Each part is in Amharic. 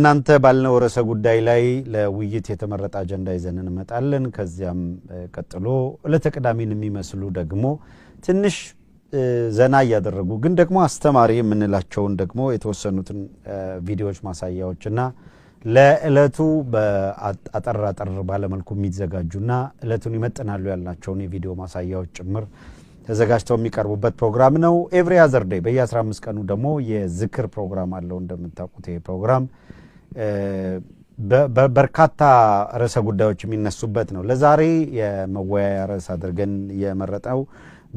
እናንተ ባልነው ርዕሰ ጉዳይ ላይ ለውይይት የተመረጠ አጀንዳ ይዘን እንመጣለን። ከዚያም ቀጥሎ ዕለተ ቅዳሜን የሚመስሉ ደግሞ ትንሽ ዘና እያደረጉ ግን ደግሞ አስተማሪ የምንላቸውን ደግሞ የተወሰኑትን ቪዲዮዎች ማሳያዎችና ለዕለቱ በአጠር አጠር ባለመልኩ የሚዘጋጁና ዕለቱን ይመጥናሉ ያልናቸውን የቪዲዮ ማሳያዎች ጭምር ተዘጋጅተው የሚቀርቡበት ፕሮግራም ነው። ኤቭሪ አዘርዴይ በየ15 ቀኑ ደግሞ የዝክር ፕሮግራም አለው። እንደምታውቁት ይሄ ፕሮግራም በርካታ ርዕሰ ጉዳዮች የሚነሱበት ነው። ለዛሬ የመወያያ ርዕስ አድርገን የመረጠው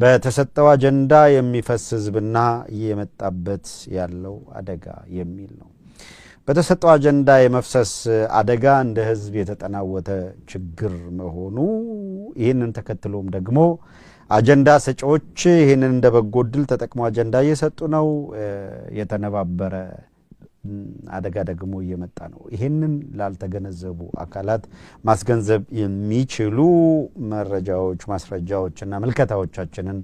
በተሰጠው አጀንዳ የሚፈስ ህዝብና እየመጣበት ያለው አደጋ የሚል ነው። በተሰጠው አጀንዳ የመፍሰስ አደጋ እንደ ህዝብ የተጠናወተ ችግር መሆኑ ይህንን ተከትሎም ደግሞ አጀንዳ ሰጪዎች ይህንን እንደ በጎ እድል ተጠቅሞ አጀንዳ እየሰጡ ነው የተነባበረ አደጋ ደግሞ እየመጣ ነው። ይህንን ላልተገነዘቡ አካላት ማስገንዘብ የሚችሉ መረጃዎች፣ ማስረጃዎችና ምልከታዎቻችንን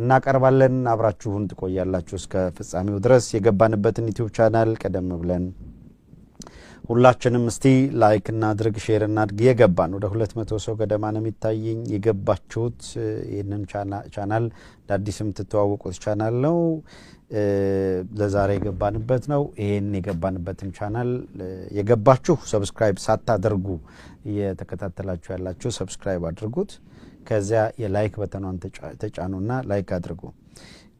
እናቀርባለን። አብራችሁን ትቆያላችሁ እስከ ፍጻሜው ድረስ። የገባንበትን ዩቲዩብ ቻናል ቀደም ብለን ሁላችንም እስቲ ላይክ እናድርግ፣ ሼር እናድርግ። የገባን ወደ ሁለት መቶ ሰው ገደማ ነው የሚታየኝ። የገባችሁት ይህንን ቻናል እንደ አዲስ የምትተዋወቁት ቻናል ነው። ለዛሬ የገባንበት ነው። ይህን የገባንበትን ቻናል የገባችሁ ሰብስክራይብ ሳታደርጉ እየተከታተላችሁ ያላችሁ ሰብስክራይብ አድርጉት። ከዚያ የላይክ በተኗን ተጫኑና ላይክ አድርጉ።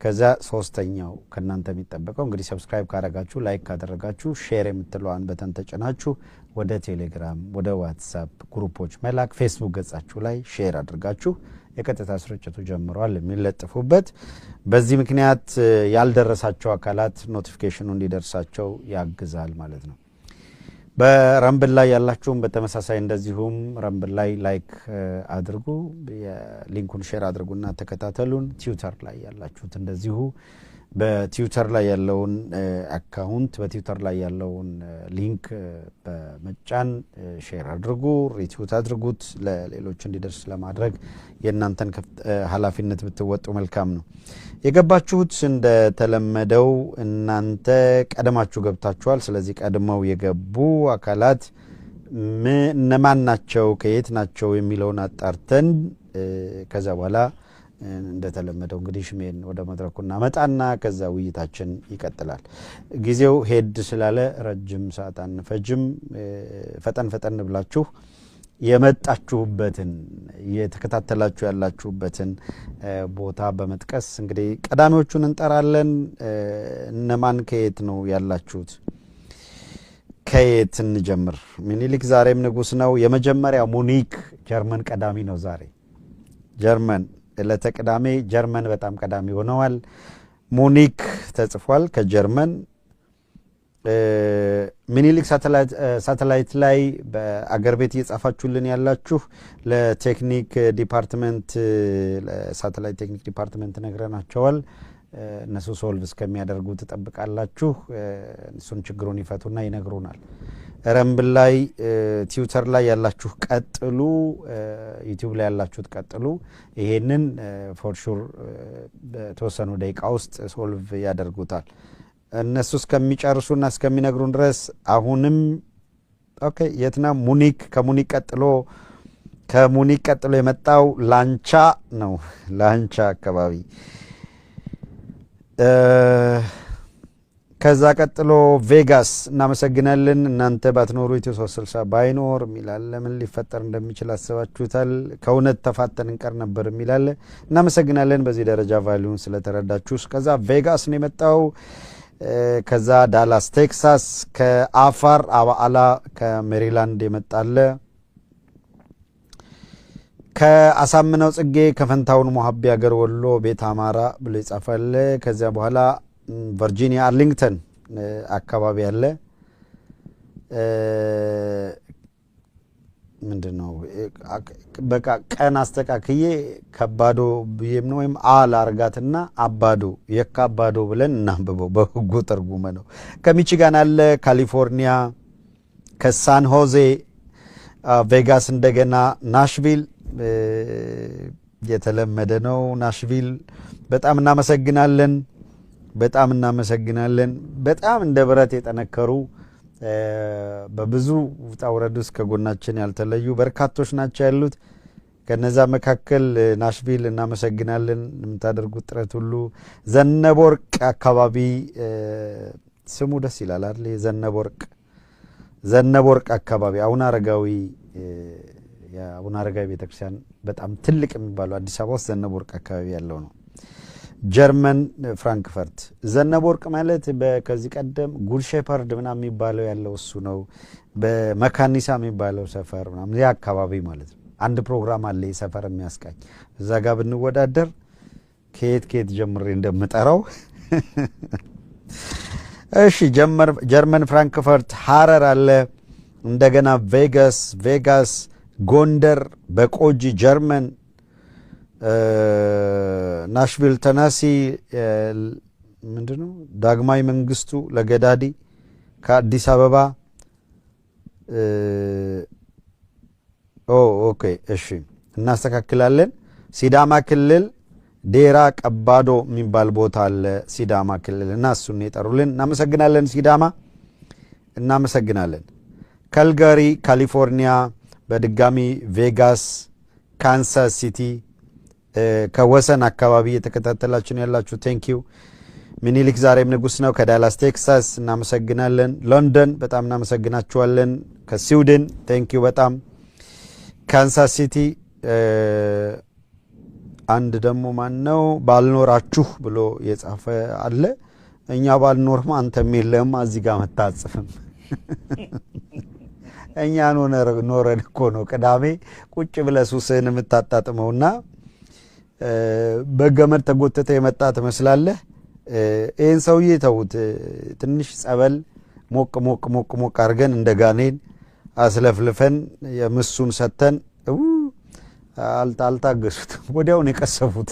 ከዚያ ሶስተኛው ከእናንተ የሚጠበቀው እንግዲህ ሰብስክራይብ ካረጋችሁ፣ ላይክ ካደረጋችሁ ሼር የምትለዋን በተን ተጭናችሁ ወደ ቴሌግራም፣ ወደ ዋትሳፕ ግሩፖች መላክ፣ ፌስቡክ ገጻችሁ ላይ ሼር አድርጋችሁ የቀጥታ ስርጭቱ ጀምሯል የሚለጥፉበት። በዚህ ምክንያት ያልደረሳቸው አካላት ኖቲፊኬሽኑ እንዲደርሳቸው ያግዛል ማለት ነው። በረምብል ላይ ያላችሁም በተመሳሳይ እንደዚሁም ረምብል ላይ ላይክ አድርጉ፣ ሊንኩን ሼር አድርጉና ተከታተሉን። ትዊተር ላይ ያላችሁት እንደዚሁ በትዊተር ላይ ያለውን አካውንት በትዊተር ላይ ያለውን ሊንክ በመጫን ሼር አድርጉ፣ ሪትዊት አድርጉት። ለሌሎች እንዲደርስ ለማድረግ የእናንተን ኃላፊነት ብትወጡ መልካም ነው። የገባችሁት እንደተለመደው እናንተ ቀድማችሁ ገብታችኋል። ስለዚህ ቀድመው የገቡ አካላት እነማን ናቸው፣ ከየት ናቸው የሚለውን አጣርተን ከዛ በኋላ እንደተለመደው እንግዲህ ሽሜን ወደ መድረኩ እናመጣና ከዛ ውይይታችን ይቀጥላል። ጊዜው ሄድ ስላለ ረጅም ሰዓት አንፈጅም። ፈጠን ፈጠን ብላችሁ የመጣችሁበትን የተከታተላችሁ ያላችሁበትን ቦታ በመጥቀስ እንግዲህ ቀዳሚዎቹን እንጠራለን። እነማን ከየት ነው ያላችሁት? ከየት እንጀምር? ሚኒሊክ ዛሬም ንጉስ ነው። የመጀመሪያ ሙኒክ ጀርመን ቀዳሚ ነው ዛሬ ጀርመን ዕለተ ቅዳሜ ጀርመን በጣም ቀዳሚ ሆነዋል። ሙኒክ ተጽፏል። ከጀርመን ሚኒሊክ ሳተላይት ላይ በአገር ቤት እየጻፋችሁልን ያላችሁ ለቴክኒክ ዲፓርትመንት ሳተላይት ቴክኒክ ዲፓርትመንት ነግረናቸዋል። እነሱ ሶልቭ እስከሚያደርጉ ትጠብቃላችሁ። እሱን ችግሩን ይፈቱና ይነግሩናል። ረምብል ላይ ትዊተር ላይ ያላችሁ ቀጥሉ፣ ዩቲብ ላይ ያላችሁት ቀጥሉ። ይሄንን ፎርሹር በተወሰኑ ደቂቃ ውስጥ ሶልቭ ያደርጉታል። እነሱ እስከሚጨርሱና እስከሚነግሩን ድረስ አሁንም ኦኬ፣ የትና ሙኒክ ከሙኒክ ቀጥሎ ከሙኒክ ቀጥሎ የመጣው ላንቻ ነው። ላንቻ አካባቢ ከዛ ቀጥሎ ቬጋስ እናመሰግናለን። እናንተ ባትኖሩ ኢትዮ ሶስት ስልሳ ባይኖር የሚላለ ለምን ሊፈጠር እንደሚችል አስባችሁታል? ከእውነት ተፋጠን እንቀር ነበር የሚላል እናመሰግናለን። በዚህ ደረጃ ቫሊዩን ስለተረዳችሁ። ከዛ ቬጋስ ነው የመጣው። ከዛ ዳላስ ቴክሳስ፣ ከአፋር አባአላ፣ ከሜሪላንድ የመጣለ ከአሳምነው ጽጌ ከፈንታውን ሞሀቢ ሀገር ወሎ ቤት አማራ ብሎ ይጻፋል። ከዚያ በኋላ ቨርጂኒያ አርሊንግተን አካባቢ ያለ ምንድን ነው በቃ ቀን አስተካክዬ ከባዶ ብዬም ነው ወይም አል አርጋትና አባዶ የካ አባዶ ብለን እናንብበው በህጉ ተርጉመ ነው። ከሚችጋን አለ ካሊፎርኒያ፣ ከሳን ሆዜ ቬጋስ፣ እንደገና ናሽቪል የተለመደ ነው። ናሽቪል በጣም እናመሰግናለን፣ በጣም እናመሰግናለን። በጣም እንደ ብረት የጠነከሩ በብዙ ውጣ ውረድ ውስጥ ከጎናችን ያልተለዩ በርካቶች ናቸው ያሉት። ከነዛ መካከል ናሽቪል እናመሰግናለን፣ የምታደርጉት ጥረት ሁሉ። ዘነበወርቅ አካባቢ ስሙ ደስ ይላል አይደል? ዘነበወርቅ ዘነበወርቅ አካባቢ አሁን አረጋዊ የአቡነ አረጋዊ ቤተክርስቲያን በጣም ትልቅ የሚባለው አዲስ አበባ ውስጥ ዘነብ ወርቅ አካባቢ ያለው ነው። ጀርመን ፍራንክፈርት ዘነብ ወርቅ ማለት ከዚህ ቀደም ጉድ ሼፐርድ ምናም የሚባለው ያለው እሱ ነው። በመካኒሳ የሚባለው ሰፈር ምናምን ያ አካባቢ ማለት ነው። አንድ ፕሮግራም አለ የሰፈር የሚያስቃኝ እዛ ጋር ብንወዳደር ከየት ከየት ጀምሬ እንደምጠራው እሺ ጀርመን ፍራንክፈርት ሀረር አለ እንደገና ቬጋስ ቬጋስ ጎንደር፣ በቆጂ ጀርመን፣ ናሽቪል ተናሲ ነው ዳግማዊ መንግስቱ ለገዳዲ ከአዲስ አበባ ኦኬ እሺ፣ እናስተካክላለን። ሲዳማ ክልል ዴራ ቀባዶ የሚባል ቦታ አለ ሲዳማ ክልል እና እሱን የጠሩልን እናመሰግናለን። ሲዳማ እናመሰግናለን። ከልጋሪ ካሊፎርኒያ በድጋሚ ቬጋስ፣ ካንሳስ ሲቲ ከወሰን አካባቢ እየተከታተላችሁ ነው ያላችሁ። ቴንኪዩ ሚኒሊክ ዛሬም ንጉስ ነው። ከዳላስ ቴክሳስ እናመሰግናለን። ሎንደን በጣም እናመሰግናችኋለን። ከስዊድን ቴንኪዩ በጣም ካንሳስ ሲቲ አንድ ደግሞ ማን ነው ባልኖራችሁ ብሎ የጻፈ አለ። እኛ ባልኖርም አንተም የለህም እዚህ ጋር መታጽፍም እኛ ኖረን እኮ ነው ቅዳሜ ቁጭ ብለህ ሱስህን የምታጣጥመውና በገመድ ተጎትተ የመጣ ትመስላለህ። ይህን ሰውዬ ተዉት። ትንሽ ጸበል ሞቅ ሞቅ ሞቅ ሞቅ አድርገን እንደ ጋኔን አስለፍልፈን የምሱን ሰተን አልታገሱት ወዲያውን የቀሰፉት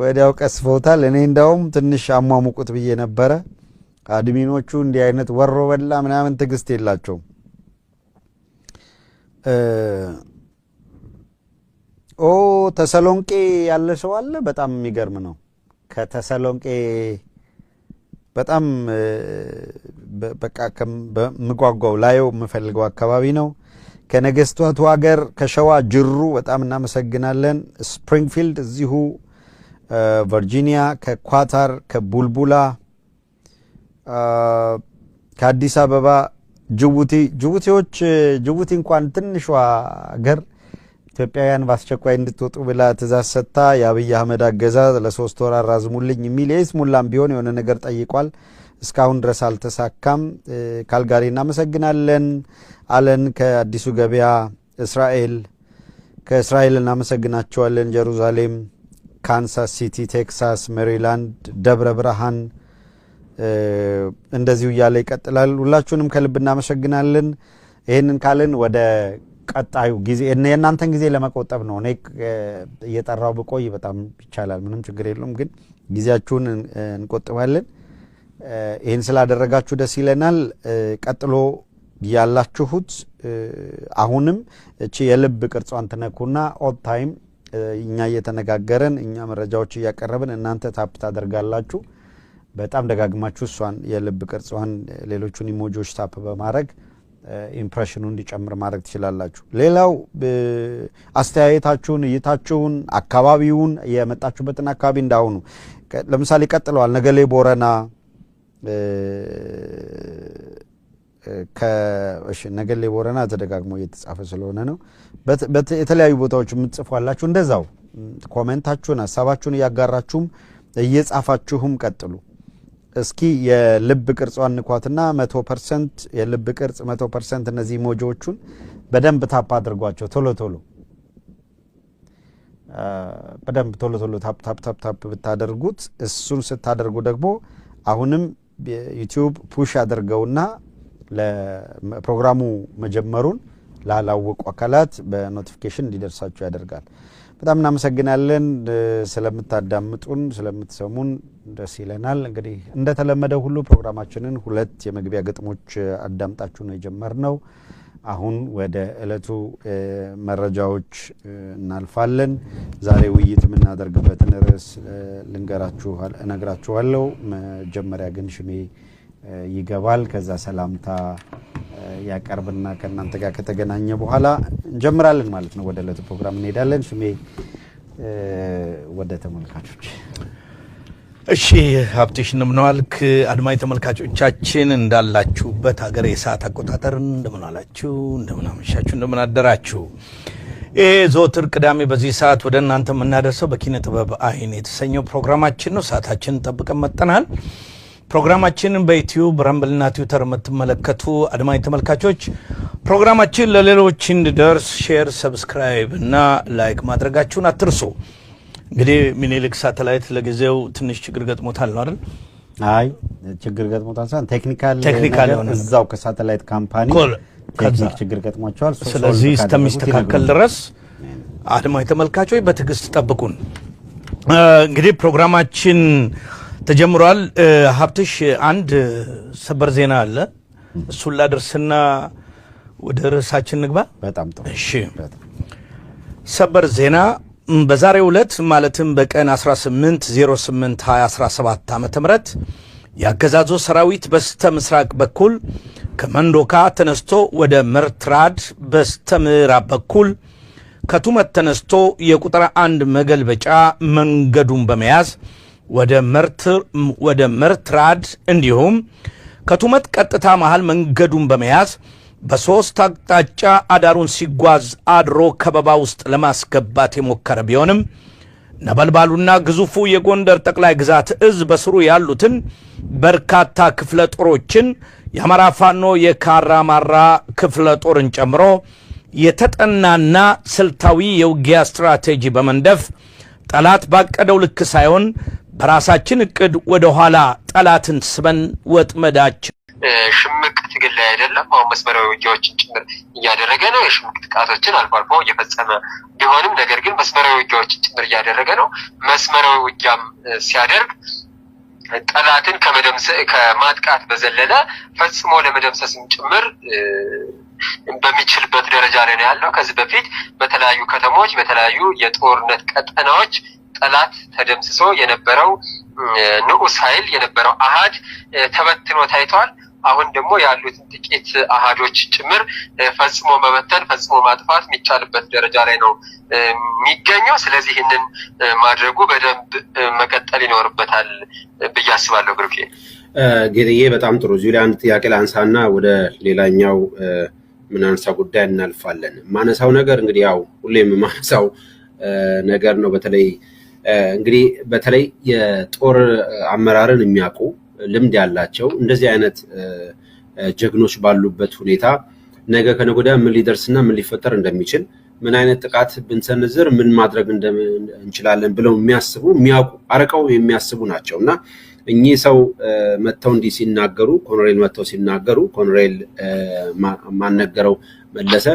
ወዲያው ቀስፈውታል። እኔ እንዳውም ትንሽ አሟሙቁት ብዬ ነበረ። አድሚኖቹ እንዲህ አይነት ወሮ በላ ምናምን ትግስት የላቸውም። ኦ ተሰሎንቄ ያለ ሰው አለ። በጣም የሚገርም ነው። ከተሰሎንቄ በጣም በቃ ከምጓጓው ላየው የምፈልገው አካባቢ ነው። ከነገስታቱ ሀገር ከሸዋ ጅሩ በጣም እናመሰግናለን። ስፕሪንግፊልድ እዚሁ ቨርጂኒያ፣ ከኳታር ከቡልቡላ ከአዲስ አበባ ጅቡቲ ጅቡቲዎች ጅቡቲ እንኳን ትንሿ ሀገር ኢትዮጵያውያን በአስቸኳይ እንድትወጡ ብላ ትእዛዝ ሰጥታ የአብይ አህመድ አገዛ ለሶስት ወር አራዝሙልኝ የሚል የይስሙላም ቢሆን የሆነ ነገር ጠይቋል። እስካሁን ድረስ አልተሳካም። ካልጋሪ እናመሰግናለን አለን። ከአዲሱ ገበያ እስራኤል፣ ከእስራኤል እናመሰግናቸዋለን። ጀሩዛሌም፣ ካንሳስ ሲቲ፣ ቴክሳስ፣ ሜሪላንድ፣ ደብረ ብርሃን እንደዚሁ እያለ ይቀጥላል። ሁላችሁንም ከልብ እናመሰግናለን። ይህንን ካልን ወደ ቀጣዩ ጊዜ የእናንተን ጊዜ ለመቆጠብ ነው። እኔ እየጠራው ብቆይ በጣም ይቻላል፣ ምንም ችግር የለውም። ግን ጊዜያችሁን እንቆጥባለን። ይህን ስላደረጋችሁ ደስ ይለናል። ቀጥሎ ያላችሁት አሁንም እቺ የልብ ቅርጿን ትነኩና ኦል ታይም እኛ እየተነጋገረን እኛ መረጃዎች እያቀረብን እናንተ ታፕ ታደርጋላችሁ። በጣም ደጋግማችሁ እሷን የልብ ቅርጽዋን ሌሎቹን ኢሞጆች ታፕ በማድረግ ኢምፕሬሽኑ እንዲጨምር ማድረግ ትችላላችሁ። ሌላው አስተያየታችሁን፣ እይታችሁን፣ አካባቢውን የመጣችሁበትን አካባቢ እንዳሁኑ ለምሳሌ ቀጥለዋል ነገሌ ቦረና ነገሌ ቦረና ተደጋግሞ እየተጻፈ ስለሆነ ነው። የተለያዩ ቦታዎች የምትጽፏላችሁ እንደዛው ኮሜንታችሁን፣ ሀሳባችሁን እያጋራችሁም እየጻፋችሁም ቀጥሉ። እስኪ የልብ ቅርጿን ንኳትና መቶ ፐርሰንት የልብ ቅርጽ መቶ ፐርሰንት እነዚህ ሞጆዎቹን በደንብ ታፕ አድርጓቸው ቶሎ ቶሎ በደንብ ቶሎ ቶሎ ታፕ ታፕ ታፕ ታፕ ብታደርጉት እሱን ስታደርጉ ደግሞ አሁንም ዩቲዩብ ፑሽ አድርገውና ለፕሮግራሙ መጀመሩን ላላወቁ አካላት በኖቲፊኬሽን እንዲደርሳቸው ያደርጋል። በጣም እናመሰግናለን ስለምታዳምጡን፣ ስለምትሰሙን ደስ ይለናል። እንግዲህ እንደተለመደ ሁሉ ፕሮግራማችንን ሁለት የመግቢያ ግጥሞች አዳምጣችሁ ነው ነው አሁን ወደ እለቱ መረጃዎች እናልፋለን። ዛሬ ውይይት የምናደርግበትን ርዕስ ልንገራችኋል እነግራችኋለው መጀመሪያ ግን ሽሜ ይገባል። ከዛ ሰላምታ ያቀርብና ከእናንተ ጋር ከተገናኘ በኋላ እንጀምራለን ማለት ነው። ወደ ዕለቱ ፕሮግራም እንሄዳለን። ስሜ ወደ ተመልካቾች እሺ ሀብትሽ እንደምንዋልክ አድማጭ ተመልካቾቻችን እንዳላችሁበት ሀገር የሰዓት አቆጣጠር እንደምን አላችሁ፣ እንደምን አመሻችሁ፣ እንደምን አደራችሁ። ይህ ዘወትር ቅዳሜ በዚህ ሰዓት ወደ እናንተ የምናደርሰው በኪነ ጥበብ አይን የተሰኘው ፕሮግራማችን ነው። ሰዓታችንን ጠብቀን መጠናል። ፕሮግራማችንን በዩትዩብ ረምብልና ትዊተር የምትመለከቱ አድማኝ ተመልካቾች ፕሮግራማችን ለሌሎች እንዲደርስ ሼር፣ ሰብስክራይብ እና ላይክ ማድረጋችሁን አትርሱ። እንግዲህ ሚኒሊክ ሳተላይት ለጊዜው ትንሽ ችግር ገጥሞታል ነው አይደል? አይ ችግር ገጥሞታል ሳይሆን ቴክኒካል ቴክኒካል እዛው ከሳተላይት ካምፓኒ ቴክኒክ ችግር ገጥሟቸዋል። ስለዚህ እስከሚስተካከል ድረስ አድማኝ ተመልካቾች በትዕግስት ጠብቁን። እንግዲህ ፕሮግራማችን ተጀምሯል። ሀብትሽ አንድ ሰበር ዜና አለ። እሱን ላደርስና ወደ ርዕሳችን ንግባ። በጣም ጥሩ። እሺ፣ ሰበር ዜና በዛሬው ዕለት ማለትም በቀን 18/08/2017 የአገዛዙ ሰራዊት በስተ ምስራቅ በኩል ከመንዶካ ተነስቶ ወደ መርትራድ በስተ ምዕራብ በኩል ከቱመት ተነስቶ የቁጥር አንድ መገልበጫ መንገዱን በመያዝ ወደ መርትራድ እንዲሁም ከቱመት ቀጥታ መሃል መንገዱን በመያዝ በሦስት አቅጣጫ አዳሩን ሲጓዝ አድሮ ከበባ ውስጥ ለማስገባት የሞከረ ቢሆንም ነበልባሉና ግዙፉ የጎንደር ጠቅላይ ግዛት እዝ በስሩ ያሉትን በርካታ ክፍለ ጦሮችን የአማራ ፋኖ የካራማራ ክፍለ ጦርን ጨምሮ የተጠናና ስልታዊ የውጊያ ስትራቴጂ በመንደፍ ጠላት ባቀደው ልክ ሳይሆን በራሳችን እቅድ ወደ ኋላ ጠላትን ስበን ወጥመዳችን ሽምቅ ትግል ላይ አይደለም። አሁን መስመራዊ ውጊያዎችን ጭምር እያደረገ ነው። የሽምቅ ጥቃቶችን አልፎ አልፎ እየፈጸመ ቢሆንም ነገር ግን መስመራዊ ውጊያዎችን ጭምር እያደረገ ነው። መስመራዊ ውጊያም ሲያደርግ ጠላትን ከማጥቃት በዘለለ ፈጽሞ ለመደምሰስም ጭምር በሚችልበት ደረጃ ላይ ነው ያለው። ከዚህ በፊት በተለያዩ ከተሞች፣ በተለያዩ የጦርነት ቀጠናዎች ጠላት ተደምስሶ የነበረው ንዑስ ኃይል የነበረው አሃድ ተበትኖ ታይቷል። አሁን ደግሞ ያሉትን ጥቂት አሃዶች ጭምር ፈጽሞ መበተን ፈጽሞ ማጥፋት የሚቻልበት ደረጃ ላይ ነው የሚገኘው። ስለዚህ ይህንን ማድረጉ በደንብ መቀጠል ይኖርበታል ብዬ አስባለሁ። ብሩኬ ጌጥዬ፣ በጣም ጥሩ። እዚሁ ላይ አንድ ጥያቄ ላንሳና ወደ ሌላኛው ምናንሳ ጉዳይ እናልፋለን። ማነሳው ነገር እንግዲህ ያው ሁሌም የማነሳው ነገር ነው በተለይ እንግዲህ በተለይ የጦር አመራርን የሚያውቁ ልምድ ያላቸው እንደዚህ አይነት ጀግኖች ባሉበት ሁኔታ ነገ ከነጎዳ ምን ሊደርስና ምን ሊፈጠር እንደሚችል ምን አይነት ጥቃት ብንሰንዝር ምን ማድረግ እንችላለን ብለው የሚያስቡ የሚያውቁ አርቀው የሚያስቡ ናቸው እና እኚህ ሰው መጥተው እንዲህ ሲናገሩ ኮኖሬል መጥተው ሲናገሩ ኮኖሬል ማነገረው መለሰ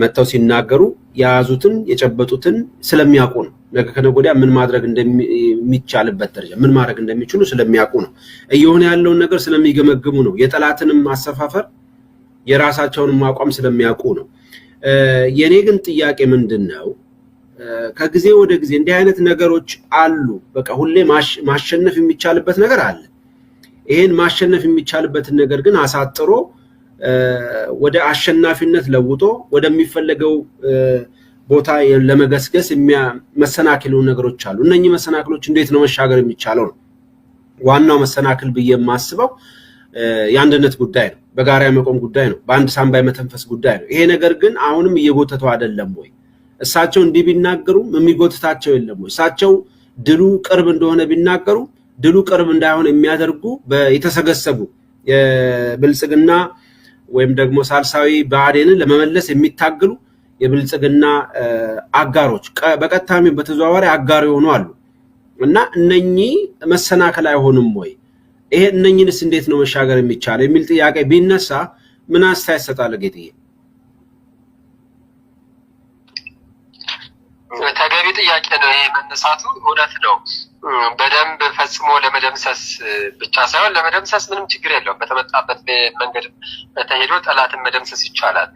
መጥተው ሲናገሩ የያዙትን የጨበጡትን ስለሚያውቁ ነው። ነገ ከነገ ወዲያ ምን ማድረግ እንደሚቻልበት ደረጃ ምን ማድረግ እንደሚችሉ ስለሚያውቁ ነው። እየሆነ ያለውን ነገር ስለሚገመግሙ ነው። የጠላትንም ማሰፋፈር የራሳቸውንም አቋም ስለሚያውቁ ነው። የእኔ ግን ጥያቄ ምንድን ነው? ከጊዜ ወደ ጊዜ እንዲህ አይነት ነገሮች አሉ። በቃ ሁሌ ማሸነፍ የሚቻልበት ነገር አለ። ይሄን ማሸነፍ የሚቻልበትን ነገር ግን አሳጥሮ ወደ አሸናፊነት ለውጦ ወደሚፈለገው ቦታ ለመገስገስ መሰናክሉ ነገሮች አሉ። እነኚህ መሰናክሎች እንዴት ነው መሻገር የሚቻለው ነው ዋናው መሰናክል ብዬ የማስበው የአንድነት ጉዳይ ነው። በጋራ የመቆም ጉዳይ ነው። በአንድ ሳንባ የመተንፈስ ጉዳይ ነው። ይሄ ነገር ግን አሁንም እየጎተተው አይደለም ወይ? እሳቸው እንዲህ ቢናገሩም የሚጎትታቸው የለም ወይ? እሳቸው ድሉ ቅርብ እንደሆነ ቢናገሩ ድሉ ቅርብ እንዳይሆን የሚያደርጉ የተሰገሰጉ የብልጽግና ወይም ደግሞ ሳልሳዊ ብአዴንን ለመመለስ የሚታገሉ የብልጽግና አጋሮች በቀጥታም በተዘዋዋሪ አጋር የሆኑ አሉ እና እነኚህ መሰናከል አይሆንም ወይ? ይሄ እነኝንስ እንዴት ነው መሻገር የሚቻለው የሚል ጥያቄ ቢነሳ ምን አስተያየት ሰጣለ? ጌጥዬ፣ ተገቢ ጥያቄ ነው ይሄ መነሳቱ፣ እውነት ነው። በደንብ ፈጽሞ ለመደምሰስ ብቻ ሳይሆን ለመደምሰስ ምንም ችግር የለውም። በተመጣበት መንገድ ተሄዶ ጠላትን መደምሰስ ይቻላል።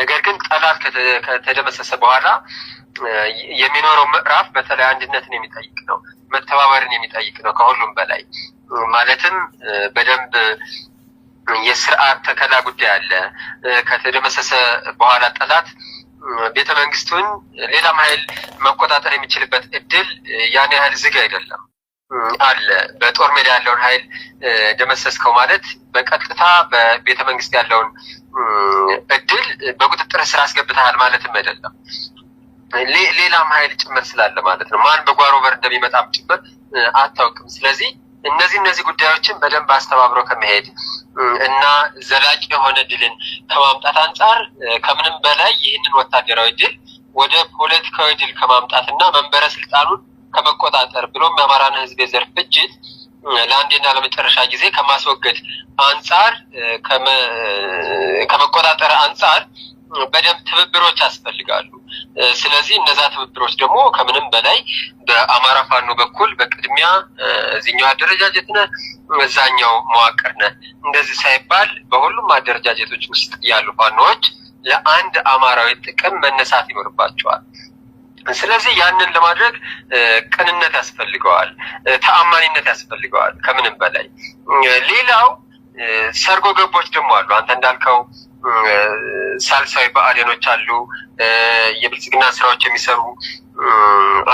ነገር ግን ጠላት ከተደመሰሰ በኋላ የሚኖረው ምዕራፍ በተለይ አንድነትን የሚጠይቅ ነው፣ መተባበርን የሚጠይቅ ነው። ከሁሉም በላይ ማለትም በደንብ የስርዓት ተከላ ጉዳይ አለ። ከተደመሰሰ በኋላ ጠላት ቤተ መንግስቱን ሌላም ሀይል መቆጣጠር የሚችልበት እድል ያን ያህል ዝግ አይደለም አለ። በጦር ሜዳ ያለውን ሀይል ደመሰስከው ማለት በቀጥታ በቤተ መንግስት ያለውን እድል በቁጥጥር ስራ አስገብተሃል ማለትም አይደለም። ሌላም ሀይል ጭምር ስላለ ማለት ነው። ማን በጓሮ በር እንደሚመጣም ጭምር አታውቅም። ስለዚህ እነዚህ እነዚህ ጉዳዮችን በደንብ አስተባብረው ከመሄድ እና ዘላቂ የሆነ ድልን ከማምጣት አንጻር ከምንም በላይ ይህንን ወታደራዊ ድል ወደ ፖለቲካዊ ድል ከማምጣት እና መንበረ ስልጣኑን ከመቆጣጠር ብሎም የአማራን ህዝብ የዘር ፍጅት ለአንዴና ለመጨረሻ ጊዜ ከማስወገድ አንጻር ከመቆጣጠር አንጻር በደንብ ትብብሮች ያስፈልጋሉ። ስለዚህ እነዛ ትብብሮች ደግሞ ከምንም በላይ በአማራ ፋኖ በኩል በቅድሚያ እዚኛው አደረጃጀት ነ እዛኛው መዋቅር ነ እንደዚህ ሳይባል በሁሉም አደረጃጀቶች ውስጥ ያሉ ፋኖዎች ለአንድ አማራዊ ጥቅም መነሳት ይኖርባቸዋል። ስለዚህ ያንን ለማድረግ ቅንነት ያስፈልገዋል፣ ተአማኒነት ያስፈልገዋል ከምንም በላይ ሌላው ሰርጎ ገቦች ደግሞ አሉ። አንተ እንዳልከው ሳልሳዊ በአዴኖች አሉ። የብልጽግና ስራዎች የሚሰሩ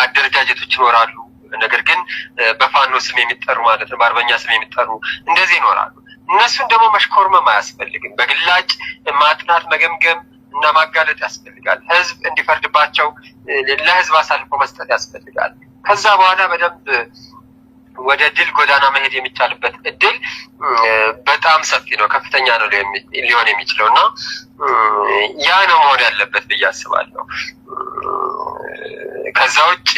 አደረጃጀቶች ይኖራሉ። ነገር ግን በፋኖ ስም የሚጠሩ ማለት ነው፣ በአርበኛ ስም የሚጠሩ እንደዚህ ይኖራሉ። እነሱን ደግሞ መሽኮርመም አያስፈልግም። በግላጭ ማጥናት፣ መገምገም እና ማጋለጥ ያስፈልጋል። ህዝብ እንዲፈርድባቸው ለህዝብ አሳልፎ መስጠት ያስፈልጋል። ከዛ በኋላ በደንብ ወደ ድል ጎዳና መሄድ የሚቻልበት እድል በጣም ሰፊ ነው፣ ከፍተኛ ነው ሊሆን የሚችለው እና ያ ነው መሆን ያለበት ብዬ አስባለሁ። ከዛ ውጭ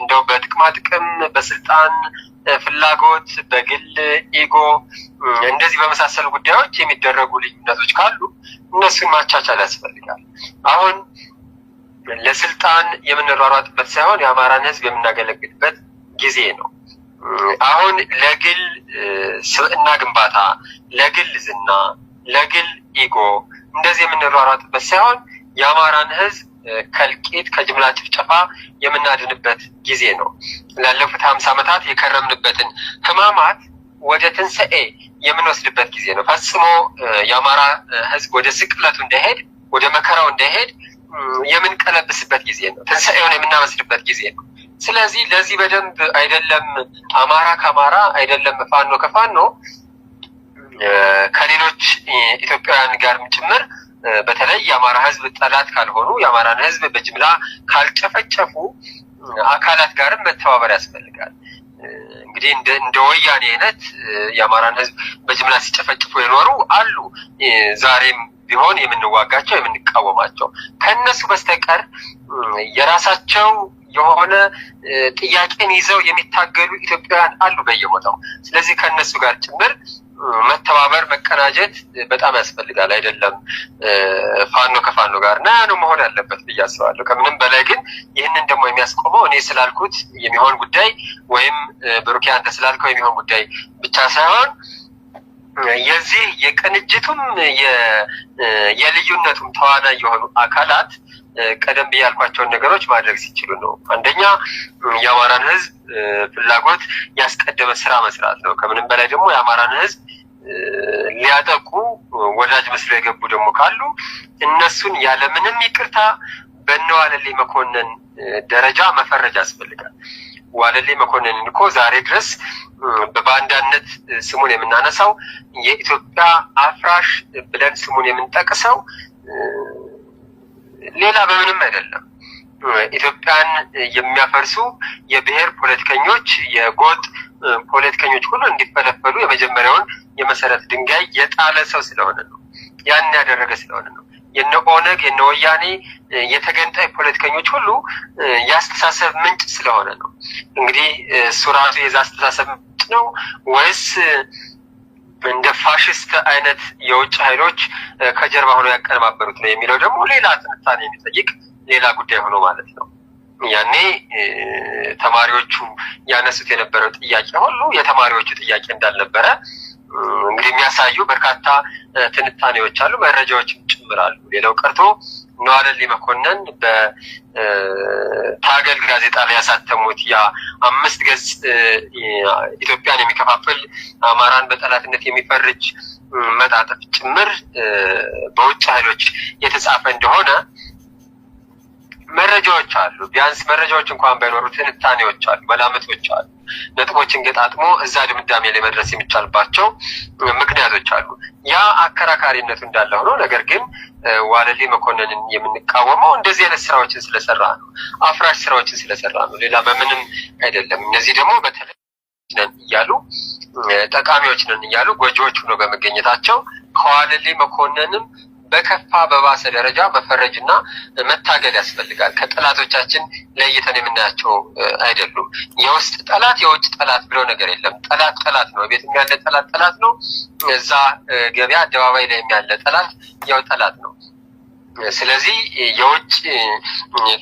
እንደው በጥቅማ ጥቅም፣ በስልጣን ፍላጎት፣ በግል ኢጎ እንደዚህ በመሳሰሉ ጉዳዮች የሚደረጉ ልዩነቶች ካሉ እነሱን ማቻቻል ያስፈልጋል። አሁን ለስልጣን የምንሯሯጥበት ሳይሆን የአማራን ሕዝብ የምናገለግልበት ጊዜ ነው። አሁን ለግል ስብዕና ግንባታ፣ ለግል ዝና፣ ለግል ኢጎ እንደዚህ የምንሯሯጥበት ሳይሆን የአማራን ህዝብ ከልቂት ከጅምላ ጭፍጨፋ የምናድንበት ጊዜ ነው። ላለፉት ሀምሳ ዓመታት የከረምንበትን ህማማት ወደ ትንሣኤ የምንወስድበት ጊዜ ነው። ፈጽሞ የአማራ ህዝብ ወደ ስቅለቱ እንዳይሄድ፣ ወደ መከራው እንዳይሄድ የምንቀለብስበት ጊዜ ነው። ትንሣኤውን የምናመስድበት ጊዜ ነው። ስለዚህ ለዚህ በደንብ አይደለም አማራ ከአማራ አይደለም ፋኖ ከፋኖ ከሌሎች ኢትዮጵያውያን ጋርም ጭምር በተለይ የአማራ ህዝብ ጠላት ካልሆኑ የአማራን ህዝብ በጅምላ ካልጨፈጨፉ አካላት ጋርም መተባበር ያስፈልጋል። እንግዲህ እንደ ወያኔ አይነት የአማራን ህዝብ በጅምላ ሲጨፈጭፉ የኖሩ አሉ። ዛሬም ቢሆን የምንዋጋቸው የምንቃወማቸው ከእነሱ በስተቀር የራሳቸው የሆነ ጥያቄን ይዘው የሚታገሉ ኢትዮጵያውያን አሉ በየቦታው። ስለዚህ ከእነሱ ጋር ጭምር መተባበር መቀናጀት በጣም ያስፈልጋል። አይደለም ፋኖ ከፋኖ ጋር እና ያ ነው መሆን ያለበት ብዬ አስባለሁ። ከምንም በላይ ግን ይህንን ደግሞ የሚያስቆመው እኔ ስላልኩት የሚሆን ጉዳይ ወይም ብሩኪ አንተ ስላልከው የሚሆን ጉዳይ ብቻ ሳይሆን የዚህ የቅንጅቱም የልዩነቱም ተዋናይ የሆኑ አካላት ቀደም ብያልኳቸውን ነገሮች ማድረግ ሲችሉ ነው። አንደኛ የአማራን ህዝብ ፍላጎት ያስቀደመ ስራ መስራት ነው። ከምንም በላይ ደግሞ የአማራን ህዝብ ሊያጠቁ ወዳጅ መስለው የገቡ ደግሞ ካሉ እነሱን ያለምንም ይቅርታ በነዋለሌ መኮንን ደረጃ መፈረጅ ያስፈልጋል። ዋለሌ መኮንንን እኮ ዛሬ ድረስ በባንዳነት ስሙን የምናነሳው የኢትዮጵያ አፍራሽ ብለን ስሙን የምንጠቅሰው ሌላ በምንም አይደለም። ኢትዮጵያን የሚያፈርሱ የብሔር ፖለቲከኞች፣ የጎጥ ፖለቲከኞች ሁሉ እንዲፈለፈሉ የመጀመሪያውን የመሰረት ድንጋይ የጣለ ሰው ስለሆነ ነው። ያን ያደረገ ስለሆነ ነው። የነ ኦነግ የነ ወያኔ የተገንጣይ ፖለቲከኞች ሁሉ የአስተሳሰብ ምንጭ ስለሆነ ነው። እንግዲህ እሱ ራሱ የዛ አስተሳሰብ ምንጭ ነው ወይስ እንደ ፋሽስት አይነት የውጭ ኃይሎች ከጀርባ ሆኖ ያቀነባበሩት ነው የሚለው ደግሞ ሌላ ትንታኔ የሚጠይቅ ሌላ ጉዳይ ሆኖ ማለት ነው። ያኔ ተማሪዎቹ ያነሱት የነበረው ጥያቄ ሁሉ የተማሪዎቹ ጥያቄ እንዳልነበረ እንግዲህ የሚያሳዩ በርካታ ትንታኔዎች አሉ፣ መረጃዎችም ጭምር አሉ። ሌላው ቀርቶ ነዋለሊ መኮንን በታገል ጋዜጣ ላይ ያሳተሙት ያ አምስት ገጽ ኢትዮጵያን የሚከፋፍል አማራን በጠላትነት የሚፈርጅ መጣጥፍ ጭምር በውጭ ኃይሎች የተጻፈ እንደሆነ መረጃዎች አሉ። ቢያንስ መረጃዎች እንኳን ባይኖሩ ትንታኔዎች አሉ፣ መላምቶች አሉ። ነጥቦችን ገጣጥሞ እዛ ድምዳሜ ላይ መድረስ የሚቻልባቸው ምክንያቶች አሉ። ያ አከራካሪነቱ እንዳለ ሆኖ ነገር ግን ዋለሌ መኮንንን የምንቃወመው እንደዚህ አይነት ስራዎችን ስለሰራ ነው፣ አፍራሽ ስራዎችን ስለሰራ ነው። ሌላ በምንም አይደለም። እነዚህ ደግሞ በተለይ ነን እያሉ ጠቃሚዎች ነን እያሉ ጎጂዎች ሆኖ በመገኘታቸው ከዋለሌ መኮንንም በከፋ በባሰ ደረጃ መፈረጅና እና መታገል ያስፈልጋል። ከጠላቶቻችን ለይተን የምናያቸው አይደሉም። የውስጥ ጠላት፣ የውጭ ጠላት ብሎ ነገር የለም። ጠላት ጠላት ነው። ቤት ያለ ጠላት ጠላት ነው። እዛ ገበያ አደባባይ ላይ ያለ ጠላት ያው ጠላት ነው። ስለዚህ የውጭ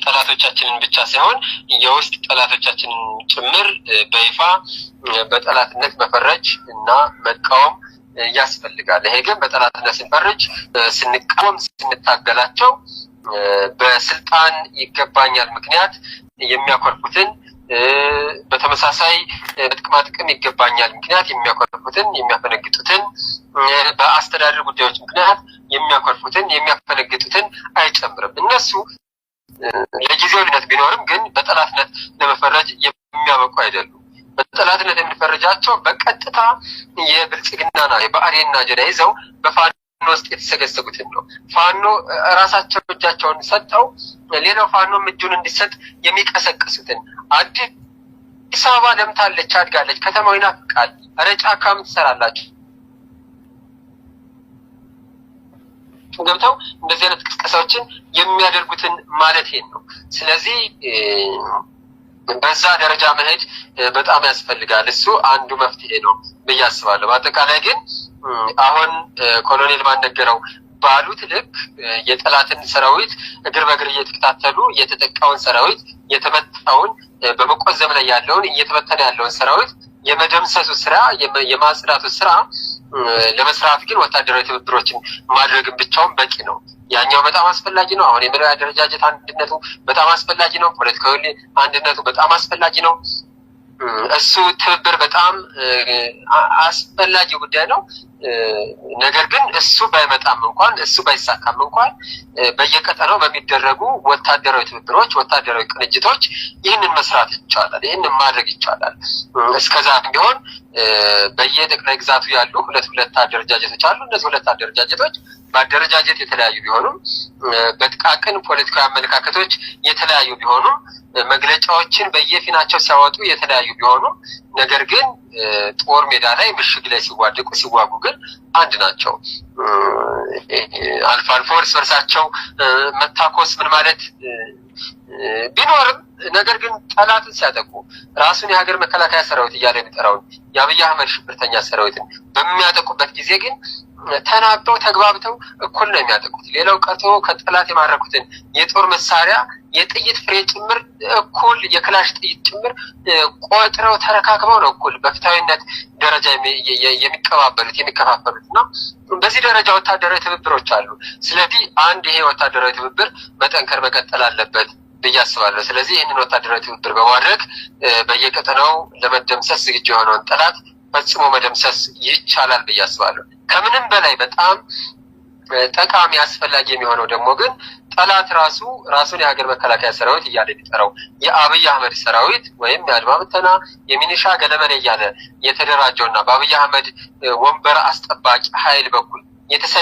ጠላቶቻችንን ብቻ ሳይሆን የውስጥ ጠላቶቻችንን ጭምር በይፋ በጠላትነት መፈረጅ እና መቃወም ያስፈልጋል። ይሄ ግን በጠላትነት ስንፈርጅ፣ ስንቃወም፣ ስንታገላቸው በስልጣን ይገባኛል ምክንያት የሚያኮርፉትን በተመሳሳይ በጥቅማ ጥቅም ይገባኛል ምክንያት የሚያኮርፉትን የሚያፈነግጡትን በአስተዳደር ጉዳዮች ምክንያት የሚያኮርፉትን የሚያፈነግጡትን አይጨምርም። እነሱ ለጊዜው ቢኖርም ግን በጠላትነት ለመፈረጅ የሚያበቁ አይደሉም። በጠላትነት የሚፈርጃቸው በቀጥታ የብልጽግናና የብአዴንና አጀንዳ ይዘው በፋኖ ውስጥ የተሰገሰጉትን ነው። ፋኖ ራሳቸው እጃቸውን ሰጠው፣ ሌላው ፋኖም እጁን እንዲሰጥ የሚቀሰቅሱትን አዲስ አበባ ደምታለች፣ አድጋለች፣ ከተማው ይናፍቃል፣ ረጫ ካም ትሰራላችሁ ገብተው እንደዚህ አይነት ቅስቀሳዎችን የሚያደርጉትን ማለት ነው። ስለዚህ በዛ ደረጃ መሄድ በጣም ያስፈልጋል። እሱ አንዱ መፍትሄ ነው ብዬ አስባለሁ። በአጠቃላይ ግን አሁን ኮሎኔል ማንነገረው ባሉት ልክ የጠላትን ሰራዊት እግር በእግር እየተከታተሉ የተጠቃውን ሰራዊት የተመታውን በመቆዘም ላይ ያለውን እየተበተነ ያለውን ሰራዊት የመደምሰሱ ስራ የማጽዳቱ ስራ ለመስራት ግን ወታደራዊ ትብብሮችን ማድረግን ብቻውን በቂ ነው። ያኛው በጣም አስፈላጊ ነው። አሁን የበላይ አደረጃጀት አንድነቱ በጣም አስፈላጊ ነው። ፖለቲካዊ አንድነቱ በጣም አስፈላጊ ነው። እሱ ትብብር በጣም አስፈላጊ ጉዳይ ነው። ነገር ግን እሱ ባይመጣም እንኳን እሱ ባይሳካም እንኳን በየቀጠናው በሚደረጉ ወታደራዊ ትብብሮች፣ ወታደራዊ ቅንጅቶች ይህንን መስራት ይቻላል፣ ይህንን ማድረግ ይቻላል። እስከዛ ቢሆን በየጠቅላይ ግዛቱ ያሉ ሁለት ሁለት አደረጃጀቶች አሉ። እነዚህ ሁለት አደረጃጀቶች በአደረጃጀት የተለያዩ ቢሆኑም በጥቃቅን ፖለቲካዊ አመለካከቶች የተለያዩ ቢሆኑም መግለጫዎችን በየፊናቸው ሲያወጡ የተለያዩ ቢሆኑም ነገር ግን ጦር ሜዳ ላይ ምሽግ ላይ ሲዋደቁ ሲዋጉ ግን አንድ ናቸው። አልፎ አልፎ እርስ በርሳቸው መታኮስ ምን ማለት ቢኖርም ነገር ግን ጠላትን ሲያጠቁ ራሱን የሀገር መከላከያ ሰራዊት እያለ የሚጠራውን የአብይ አህመድ ሽብርተኛ ሰራዊትን በሚያጠቁበት ጊዜ ግን ተናበው ተግባብተው እኩል ነው የሚያጠቁት። ሌላው ቀርቶ ከጠላት የማረኩትን የጦር መሳሪያ የጥይት ፍሬ ጭምር እኩል የክላሽ ጥይት ጭምር ቆጥረው ተረካክበው ነው እኩል በፍትሐዊነት ደረጃ የሚቀባበሉት የሚከፋፈሉት እና በዚህ ደረጃ ወታደራዊ ትብብሮች አሉ። ስለዚህ አንድ ይሄ ወታደራዊ ትብብር መጠንከር መቀጠል አለበት ብዬ አስባለሁ። ስለዚህ ይህንን ወታደራዊ ትብብር በማድረግ በየቀጠናው ለመደምሰስ ዝግጁ የሆነውን ጠላት ፈጽሞ መደምሰስ ይቻላል ብዬ አስባለሁ። ከምንም በላይ በጣም ጠቃሚ አስፈላጊ የሚሆነው ደግሞ ግን ጠላት ራሱ ራሱን የሀገር መከላከያ ሰራዊት እያለ የሚጠራው የአብይ አህመድ ሰራዊት ወይም የአድማ ብተና የሚኒሻ ገለመን እያለ የተደራጀው በአብይ አህመድ ወንበር አስጠባቂ ኃይል በኩል የተሰ